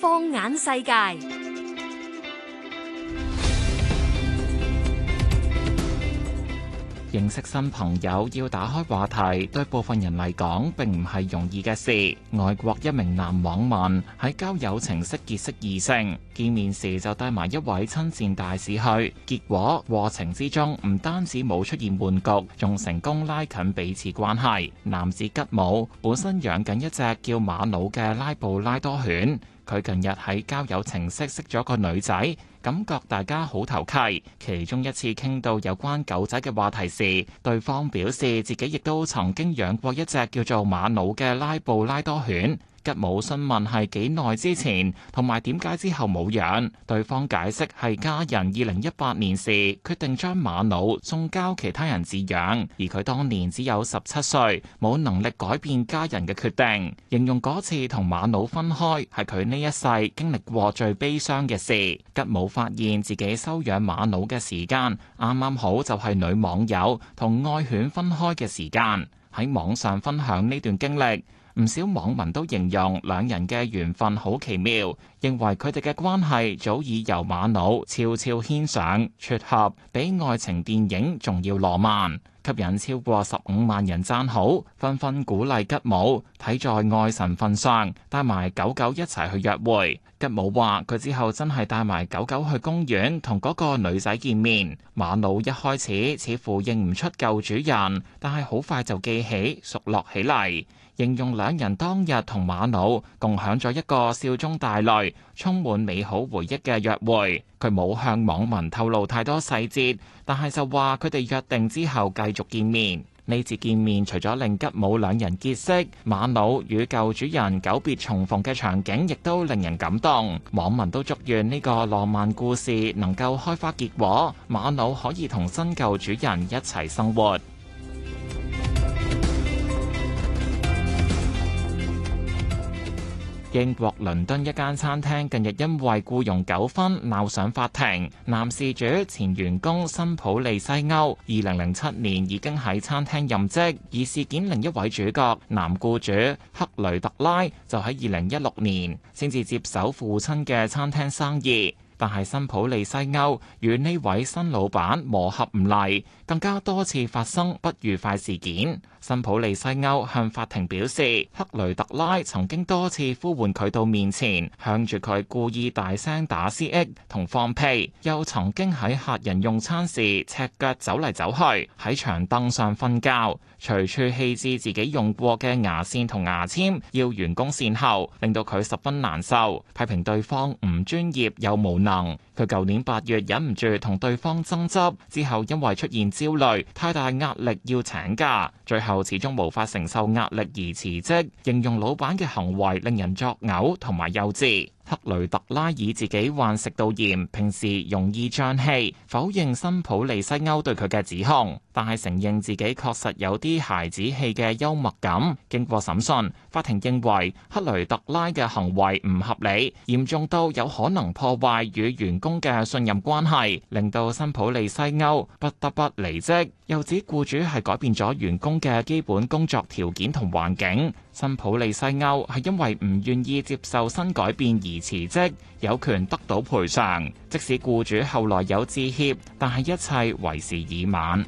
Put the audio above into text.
放眼世界。認識新朋友要打開話題，對部分人嚟講並唔係容易嘅事。外國一名男網民喺交友程式結識異性，見面時就帶埋一位親善大使去，結果過程之中唔單止冇出現悶局，仲成功拉近彼此關係。男子吉姆本身養緊一隻叫馬魯嘅拉布拉多犬。佢近日喺交友程式識咗個女仔，感覺大家好投契。其中一次傾到有關狗仔嘅話題時，對方表示自己亦都曾經養過一隻叫做馬魯嘅拉布拉多犬。吉姆詢問係幾耐之前，同埋點解之後冇養？對方解釋係家人二零一八年時決定將馬腦送交其他人飼養，而佢當年只有十七歲，冇能力改變家人嘅決定。形容嗰次同馬腦分開係佢呢一世經歷過最悲傷嘅事。吉姆發現自己收養馬腦嘅時間啱啱好就係女網友同愛犬分開嘅時間，喺網上分享呢段經歷。唔少網民都形容兩人嘅緣分好奇妙，認為佢哋嘅關係早已由瑪瑙悄悄牽上撮合，比愛情電影，仲要浪漫，吸引超過十五萬人讚好，紛紛鼓勵吉姆睇在愛神份上帶埋狗狗一齊去約會。吉姆話佢之後真係帶埋狗狗去公園同嗰個女仔見面。瑪瑙一開始似乎認唔出舊主人，但係好快就記起熟絡起嚟。形容兩人當日同馬瑙共享咗一個笑中帶淚，充滿美好回憶嘅約會，佢冇向網民透露太多細節，但係就話佢哋約定之後繼續見面。呢次見面除咗令吉姆兩人結識馬瑙與舊主人久別重逢嘅場景，亦都令人感動。網民都祝願呢個浪漫故事能夠開花結果，馬瑙可以同新舊主人一齊生活。英國倫敦一間餐廳近日因為僱傭糾紛鬧上法庭。男事主前員工新普利西歐，二零零七年已經喺餐廳任職；而事件另一位主角，男僱主克雷特拉，就喺二零一六年先至接手父親嘅餐廳生意。但係新普利西歐與呢位新老闆磨合唔嚟，更加多次發生不愉快事件。新普利西歐向法庭表示，克雷特拉曾經多次呼喚佢到面前，向住佢故意大聲打 CE 同放屁，又曾經喺客人用餐時赤腳走嚟走去，喺長凳上瞓覺，隨處棄置自己用過嘅牙線同牙籤，要員工善後，令到佢十分難受，批評對方唔專業又無能。佢舊年八月忍唔住同對方爭執，之後因為出現焦慮，太大壓力要請假，最後始終無法承受壓力而辭職，形容老闆嘅行為令人作嘔同埋幼稚。克雷特拉以自己患食道炎平時容易脹氣否認新普利西歐對佢嘅指控但係承認自己確實有啲孩子氣嘅幽默感經過審訊法庭認為克雷特拉的行為唔合理嚴重到有可能破壞與員工的信任關係令到新普利西歐不得不離職又指僱主係改變咗員工的基本工作條件同環境新普利西歐係因為唔願意接受新改變而而辭職，有權得到賠償，即使僱主後來有致歉，但係一切為時已晚。